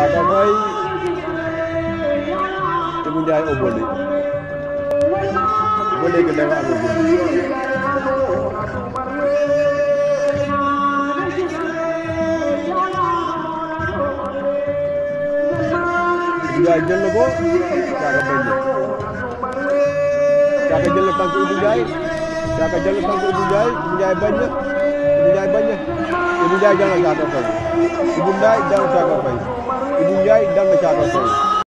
kaaga mooy Ibou Ndiaye o oh, boleh ba léegi dara amagul Ibou Ndiaye jël na ko kaaga bañ na kaaga jël na tànk Ibou Ndiaye kaaga jël na tànk Ibou Ndiaye daanu Caaka Faye Ibou Ndiaye daan na Caaka Faye